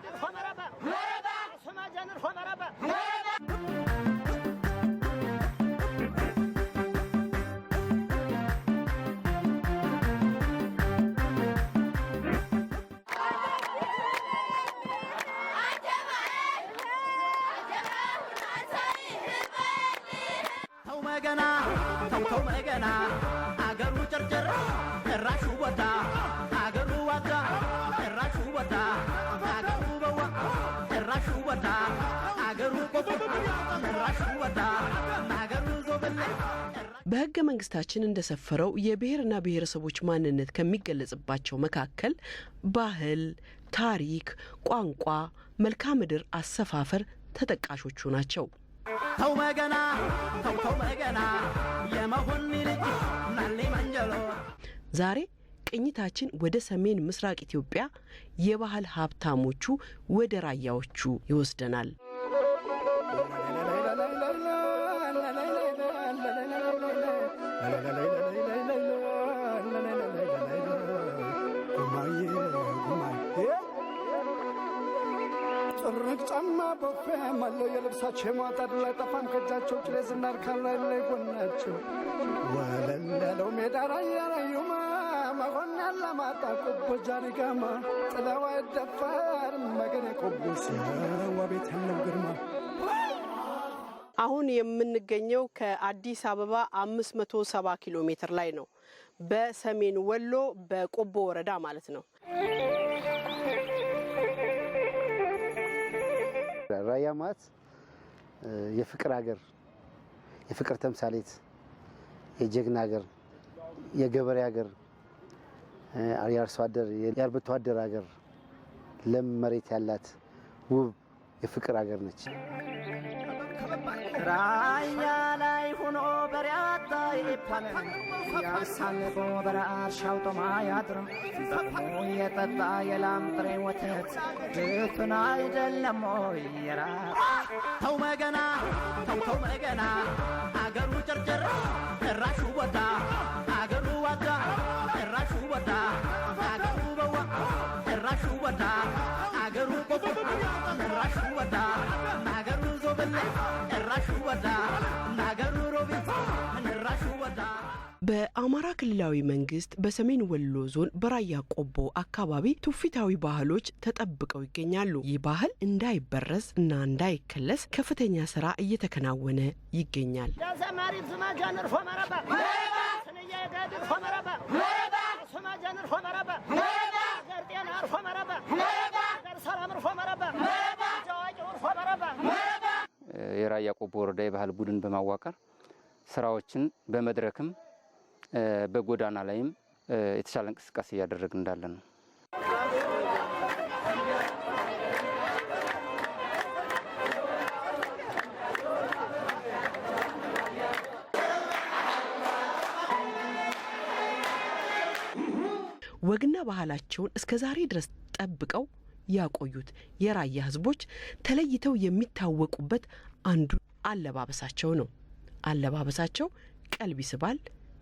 honorable, honorable, সমাজের honorable, honorable. Come on, come on, come on. በህገ መንግስታችን እንደሰፈረው የብሔርና ብሔረሰቦች ማንነት ከሚገለጽባቸው መካከል ባህል፣ ታሪክ፣ ቋንቋ፣ መልክዓ ምድር አሰፋፈር ተጠቃሾቹ ናቸው። ተው ተው የመሆን ልጅ ናሌ ዛሬ ቅኝታችን ወደ ሰሜን ምስራቅ ኢትዮጵያ የባህል ሀብታሞቹ ወደ ራያዎቹ ይወስደናል። ጥርቅ ጫማ የልብሳቸው ላይ ጠፋም ከእጃቸው ጭሌ ዝናር ካላይ ላይ ጎናቸው ወለል ያለው ሜዳ ጃሪጋማ ጥለው አይደፈር ሲያዋ ቤት ያለው ግርማ አሁን የምንገኘው ከአዲስ አበባ 570 ኪሎ ሜትር ላይ ነው። በሰሜን ወሎ በቆቦ ወረዳ ማለት ነው። ራያ ማለት የፍቅር ሀገር፣ የፍቅር ተምሳሌት፣ የጀግና ሀገር፣ የገበሬ ሀገር፣ የአርሶ አደር የአርብቶ አደር ሀገር፣ ለም መሬት ያላት ውብ የፍቅር ሀገር ነች ራያ ያሳልፎ በረአድ ሻውጦም አያድርም። በቅሙ የጠጣ የላም ጥሬ ወተት ድፍን አይደለም ወይ የራት ተው መገና ተው ተው መገና አገሩ ጨርጨር እራሹ ወዳ አገሩ ዋዳ እራሹ ወዳ አገሩ በዋ እራሹ ወዳ አገሩ ቆቆ እራሹ ወዳ አገሩ ዞብሌ በአማራ ክልላዊ መንግስት በሰሜን ወሎ ዞን በራያ ቆቦ አካባቢ ትውፊታዊ ባህሎች ተጠብቀው ይገኛሉ። ይህ ባህል እንዳይበረዝ እና እንዳይከለስ ከፍተኛ ስራ እየተከናወነ ይገኛል። የራያ ቆቦ ወረዳ የባህል ቡድን በማዋቀር ስራዎችን በመድረክም በጎዳና ላይም የተሻለ እንቅስቃሴ እያደረግን እንዳለ ነው። ወግና ባህላቸውን እስከ ዛሬ ድረስ ጠብቀው ያቆዩት የራያ ህዝቦች ተለይተው የሚታወቁበት አንዱ አለባበሳቸው ነው። አለባበሳቸው ቀልብ ይስባል።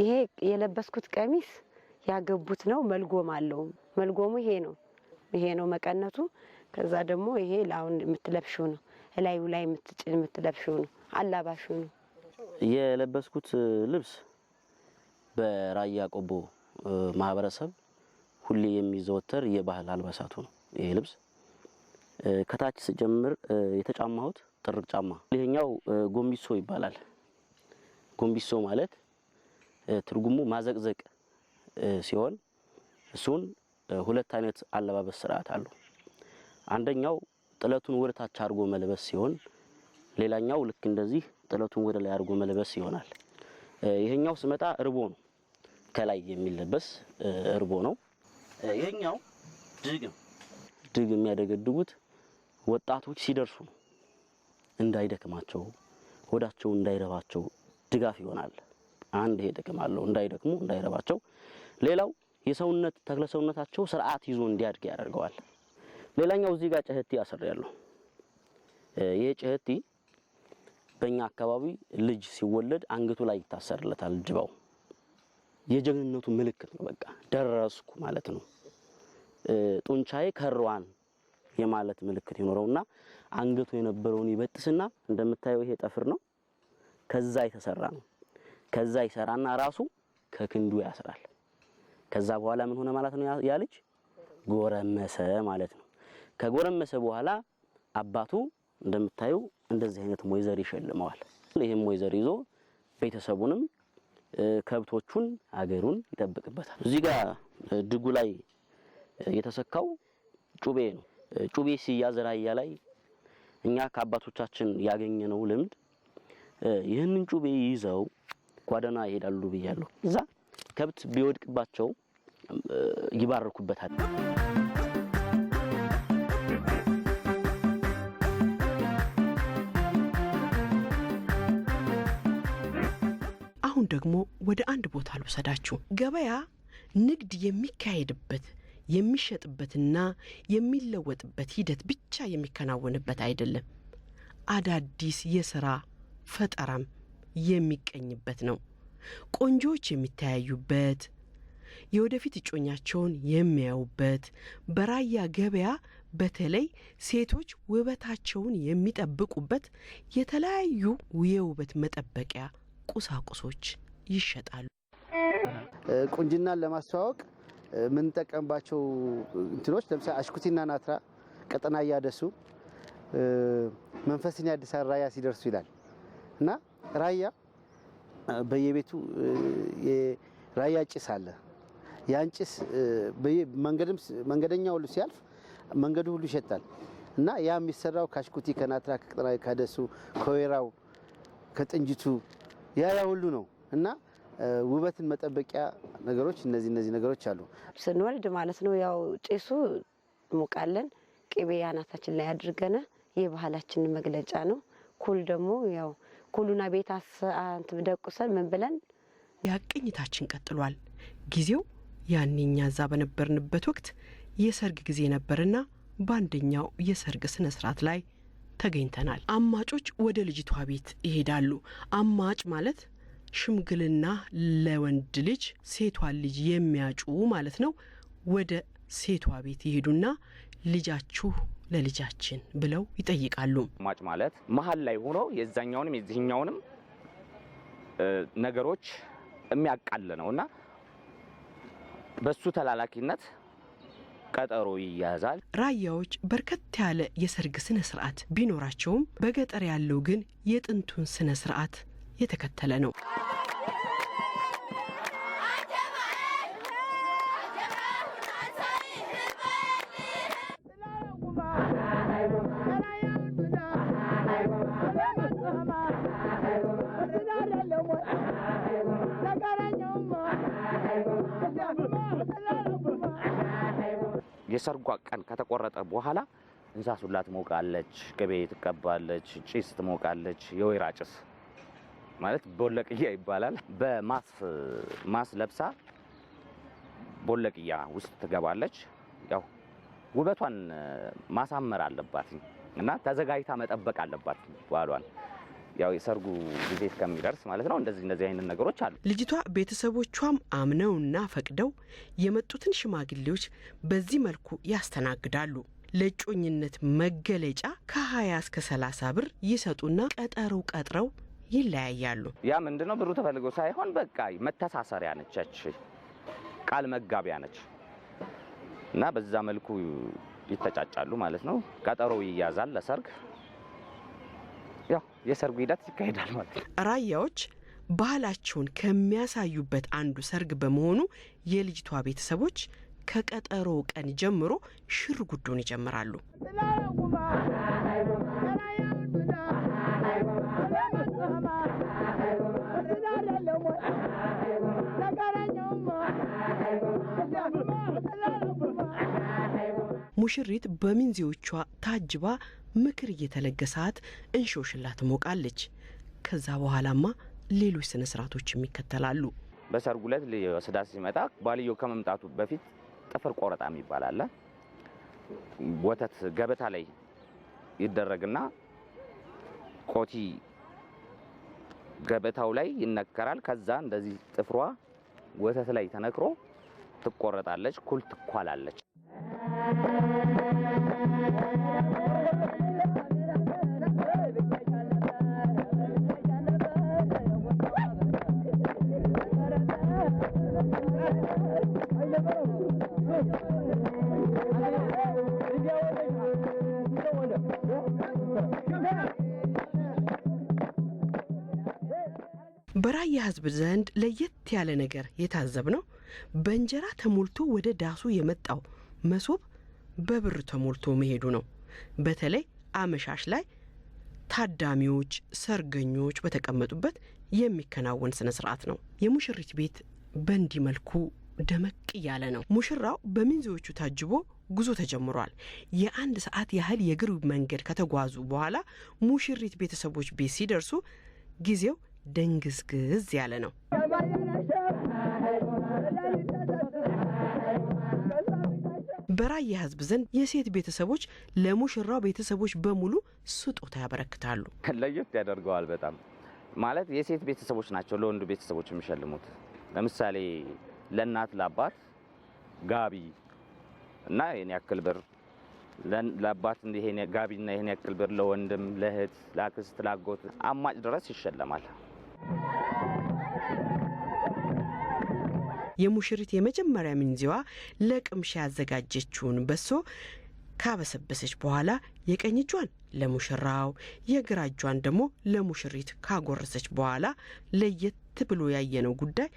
ይሄ የለበስኩት ቀሚስ ያገቡት ነው። መልጎም አለው። መልጎሙ ይሄ ነው። ይሄ ነው መቀነቱ። ከዛ ደግሞ ይሄ ለአሁን የምትለብሽው ነው። እላዩ ላይ የምትለብሽው ነው። አላባሹ ነው። የለበስኩት ልብስ በራያ ቆቦ ማህበረሰብ ሁሌ የሚዘወተር የባህል አልባሳቱ ነው። ይሄ ልብስ ከታች ስጀምር የተጫማሁት ጥርቅ ጫማ፣ ይሄኛው ጎንቢሶ ይባላል። ጎንቢሶ ማለት ትርጉሙ ማዘቅዘቅ ሲሆን እሱን ሁለት አይነት አለባበስ ስርዓት አለው። አንደኛው ጥለቱን ወደ ታች አድርጎ መልበስ ሲሆን፣ ሌላኛው ልክ እንደዚህ ጥለቱን ወደ ላይ አድርጎ መልበስ ይሆናል። ይሄኛው ስመጣ እርቦ ነው፣ ከላይ የሚለበስ እርቦ ነው። ይሄኛው ድግም ድግ የሚያደገድጉት ወጣቶች ሲደርሱ ነው፣ እንዳይደክማቸው፣ ወዳቸው እንዳይረባቸው ድጋፍ ይሆናል። አንድ ይሄ ጥቅም አለው፣ እንዳይደክሙ እንዳይረባቸው። ሌላው የሰውነት ተክለ ሰውነታቸው ስርዓት ይዞ እንዲያድግ ያደርገዋል። ሌላኛው እዚህ ጋር ጨህቲ ያለው ይሄ ጨህቲ በእኛ አካባቢ ልጅ ሲወለድ አንገቱ ላይ ይታሰርለታል። ጅባው የጀግንነቱ ምልክት ነው። በቃ ደረስኩ ማለት ነው። ጡንቻዬ ከሯን የማለት ምልክት ይኖረውና አንገቱ የነበረውን ይበጥስና እንደምታየው ይሄ ጠፍር ነው፣ ከዛ የተሰራ ነው። ከዛ ይሰራና ራሱ ከክንዱ ያስራል። ከዛ በኋላ ምን ሆነ ማለት ነው? ያ ልጅ ጎረመሰ ማለት ነው። ከጎረመሰ በኋላ አባቱ እንደምታዩ እንደዚህ አይነት ሞይዘር ይሸልመዋል። ይህም ሞይዘር ይዞ ቤተሰቡንም ከብቶቹን አገሩን ይጠብቅበታል። እዚህ ጋር ድጉ ላይ የተሰካው ጩቤ ነው። ጩቤ ሲያዝ ራያ ላይ እኛ ከአባቶቻችን ያገኘነው ልምድ ይህንን ጩቤ ይዘው ጓደና ይሄዳሉ ብያለሁ። እዛ ከብት ቢወድቅባቸው ይባረኩበታል። አሁን ደግሞ ወደ አንድ ቦታ ልውሰዳችሁ። ገበያ ንግድ የሚካሄድበት የሚሸጥበትና የሚለወጥበት ሂደት ብቻ የሚከናወንበት አይደለም። አዳዲስ የሥራ ፈጠራም የሚቀኝበት ነው። ቆንጆዎች የሚተያዩበት፣ የወደፊት እጮኛቸውን የሚያዩበት፣ በራያ ገበያ በተለይ ሴቶች ውበታቸውን የሚጠብቁበት የተለያዩ የውበት መጠበቂያ ቁሳቁሶች ይሸጣሉ። ቁንጅናን ለማስተዋወቅ የምንጠቀምባቸው እንትኖች ለምሳሌ አሽኩቲና ናትራ፣ ቀጠና እያደሱ መንፈስን ያድሳል ራያ ሲደርሱ ይላል እና ራያ በየቤቱ ራያ ጭስ አለ። ያን ጭስ መንገደኛ ሁሉ ሲያልፍ መንገዱ ሁሉ ይሸጣል እና ያ የሚሰራው ካሽኩቲ፣ ከናትራ፣ ከቅጥና፣ ከደሱ፣ ከወይራው፣ ከጥንጅቱ ያ ያ ሁሉ ነው እና ውበትን መጠበቂያ ነገሮች እነዚህ እነዚህ ነገሮች አሉ። ስንወልድ ማለት ነው ያው ጤሱ ሞቃለን፣ ቅቤ አናታችን ላይ አድርገነ የባህላችንን መግለጫ ነው። ኩል ደግሞ ያው ኩሉና ቤት ደቁሰን ምን ብለን ያቅኝታችን ቀጥሏል። ጊዜው ያኔ እዛ በነበርንበት ወቅት የሰርግ ጊዜ ነበርና በአንደኛው የሰርግ ስነ ስርዓት ላይ ተገኝተናል። አማጮች ወደ ልጅቷ ቤት ይሄዳሉ። አማጭ ማለት ሽምግልና ለወንድ ልጅ ሴቷን ልጅ የሚያጩ ማለት ነው። ወደ ሴቷ ቤት ይሄዱና ልጃችሁ ለልጃችን ብለው ይጠይቃሉ። ማጭ ማለት መሀል ላይ ሆኖ የዛኛውንም የዚህኛውንም ነገሮች የሚያቃል ነው እና በሱ ተላላኪነት ቀጠሮ ይያዛል። ራያዎች በርከት ያለ የሰርግ ስነ ስርዓት ቢኖራቸውም በገጠር ያለው ግን የጥንቱን ስነ ስርዓት የተከተለ ነው። የሰርጓ ቀን ከተቆረጠ በኋላ እንሳሱላ ትሞቃለች፣ ቅቤ ትቀባለች፣ ጭስ ትሞቃለች። የወይራ ጭስ ማለት ቦለቅያ ይባላል። በማስ ማስ ለብሳ ቦለቅያ ውስጥ ትገባለች። ያው ውበቷን ማሳመር አለባት። እና ተዘጋጅታ መጠበቅ አለባት ባሏን ያው የሰርጉ ጊዜ እስከሚደርስ ማለት ነው። እንደዚህ እንደዚህ አይነት ነገሮች አሉ። ልጅቷ ቤተሰቦቿም አምነውና ፈቅደው የመጡትን ሽማግሌዎች በዚህ መልኩ ያስተናግዳሉ። ለእጮኝነት መገለጫ ከ20 እስከ 30 ብር ይሰጡና ቀጠሮ ቀጥረው ይለያያሉ። ያ ምንድነው ብሩ ተፈልገው ሳይሆን በቃ መተሳሰሪያ ነች፣ ቃል መጋቢያ ነች እና በዛ መልኩ ይተጫጫሉ ማለት ነው። ቀጠሮ ይያዛል ለሰርግ። ያው የሰርጉ ሂደት ይካሄዳል ማለት ነው። ራያዎች ባህላቸውን ከሚያሳዩበት አንዱ ሰርግ በመሆኑ የልጅቷ ቤተሰቦች ከቀጠሮው ቀን ጀምሮ ሽር ጉዱን ይጀምራሉ። ሙሽሪት በሚንዜዎቿ ታጅባ ምክር እየተለገሳት እንሾሽላ ትሞቃለች። ከዛ በኋላማ ሌሎች ስነ ስርዓቶችም ይከተላሉ። በሰርጉ ዕለት ስዳት ሲመጣ ባልዮ ከመምጣቱ በፊት ጥፍር ቆረጣ የሚባል አለ። ወተት ገበታ ላይ ይደረግና ቆቲ ገበታው ላይ ይነከራል። ከዛ እንደዚህ ጥፍሯ ወተት ላይ ተነክሮ ትቆረጣለች። ኩል ትኳላለች። ህዝብ ዘንድ ለየት ያለ ነገር የታዘብ ነው በእንጀራ ተሞልቶ ወደ ዳሱ የመጣው መሶብ በብር ተሞልቶ መሄዱ ነው። በተለይ አመሻሽ ላይ ታዳሚዎች፣ ሰርገኞች በተቀመጡበት የሚከናወን ስነ ስርዓት ነው። የሙሽሪት ቤት በእንዲ መልኩ ደመቅ እያለ ነው። ሙሽራው በሚዜዎቹ ታጅቦ ጉዞ ተጀምሯል። የአንድ ሰዓት ያህል የእግር መንገድ ከተጓዙ በኋላ ሙሽሪት ቤተሰቦች ቤት ሲደርሱ ጊዜው ድንግዝግዝ ያለ ነው። በራያ ህዝብ ዘንድ የሴት ቤተሰቦች ለሙሽራው ቤተሰቦች በሙሉ ስጦታ ያበረክታሉ። ለየት ያደርገዋል በጣም ማለት የሴት ቤተሰቦች ናቸው ለወንዱ ቤተሰቦች የሚሸልሙት። ለምሳሌ ለእናት ለአባት ጋቢ እና ይህን ያክል ብር ለአባት ጋቢና ይህን ያክል ብር፣ ለወንድም ለእህት፣ ለአክስት፣ ላጎት አማጭ ድረስ ይሸለማል። የሙሽሪት የመጀመሪያ ምንዚዋ ለቅምሻ ያዘጋጀችውን በሶ ካበሰበሰች በኋላ የቀኝ እጇን ለሙሽራው የግራ እጇን ደግሞ ለሙሽሪት ካጎረሰች በኋላ ለየት ብሎ ያየነው ጉዳይ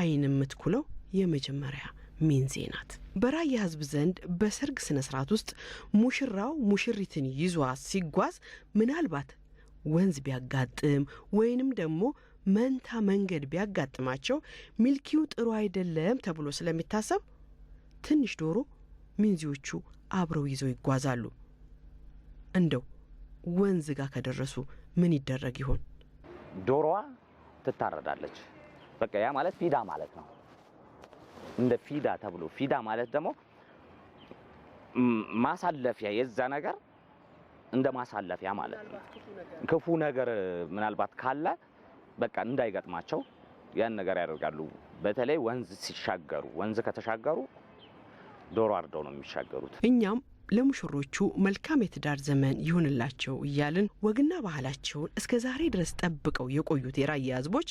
አይን የምትኩለው የመጀመሪያ ሚንዜ ናት። በራያ ህዝብ ዘንድ በሰርግ ስነ ስርዓት ውስጥ ሙሽራው ሙሽሪትን ይዟ ሲጓዝ ምናልባት ወንዝ ቢያጋጥም ወይንም ደግሞ መንታ መንገድ ቢያጋጥማቸው ሚልኪው ጥሩ አይደለም ተብሎ ስለሚታሰብ ትንሽ ዶሮ ሚንዚዎቹ አብረው ይዘው ይጓዛሉ። እንደው ወንዝ ጋር ከደረሱ ምን ይደረግ ይሆን? ዶሮዋ ትታረዳለች። በቃ ያ ማለት ፊዳ ማለት ነው። እንደ ፊዳ ተብሎ ፊዳ ማለት ደግሞ ማሳለፊያ የዛ ነገር እንደ ማሳለፊያ ማለት ነው። ክፉ ነገር ምናልባት ካለ በቃ እንዳይገጥማቸው ያን ነገር ያደርጋሉ። በተለይ ወንዝ ሲሻገሩ፣ ወንዝ ከተሻገሩ ዶሮ አርደው ነው የሚሻገሩት። እኛም ለሙሽሮቹ መልካም የትዳር ዘመን ይሁንላቸው እያልን ወግና ባህላቸውን እስከ ዛሬ ድረስ ጠብቀው የቆዩት የራያ ሕዝቦች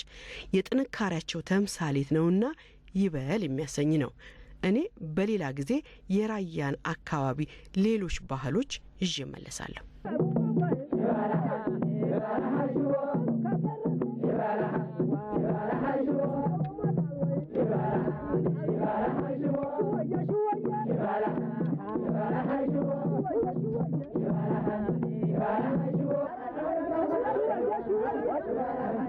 የጥንካሬያቸው ተምሳሌት ነውና ይበል የሚያሰኝ ነው። እኔ በሌላ ጊዜ የራያን አካባቢ ሌሎች ባህሎች ይዤ እመለሳለሁ።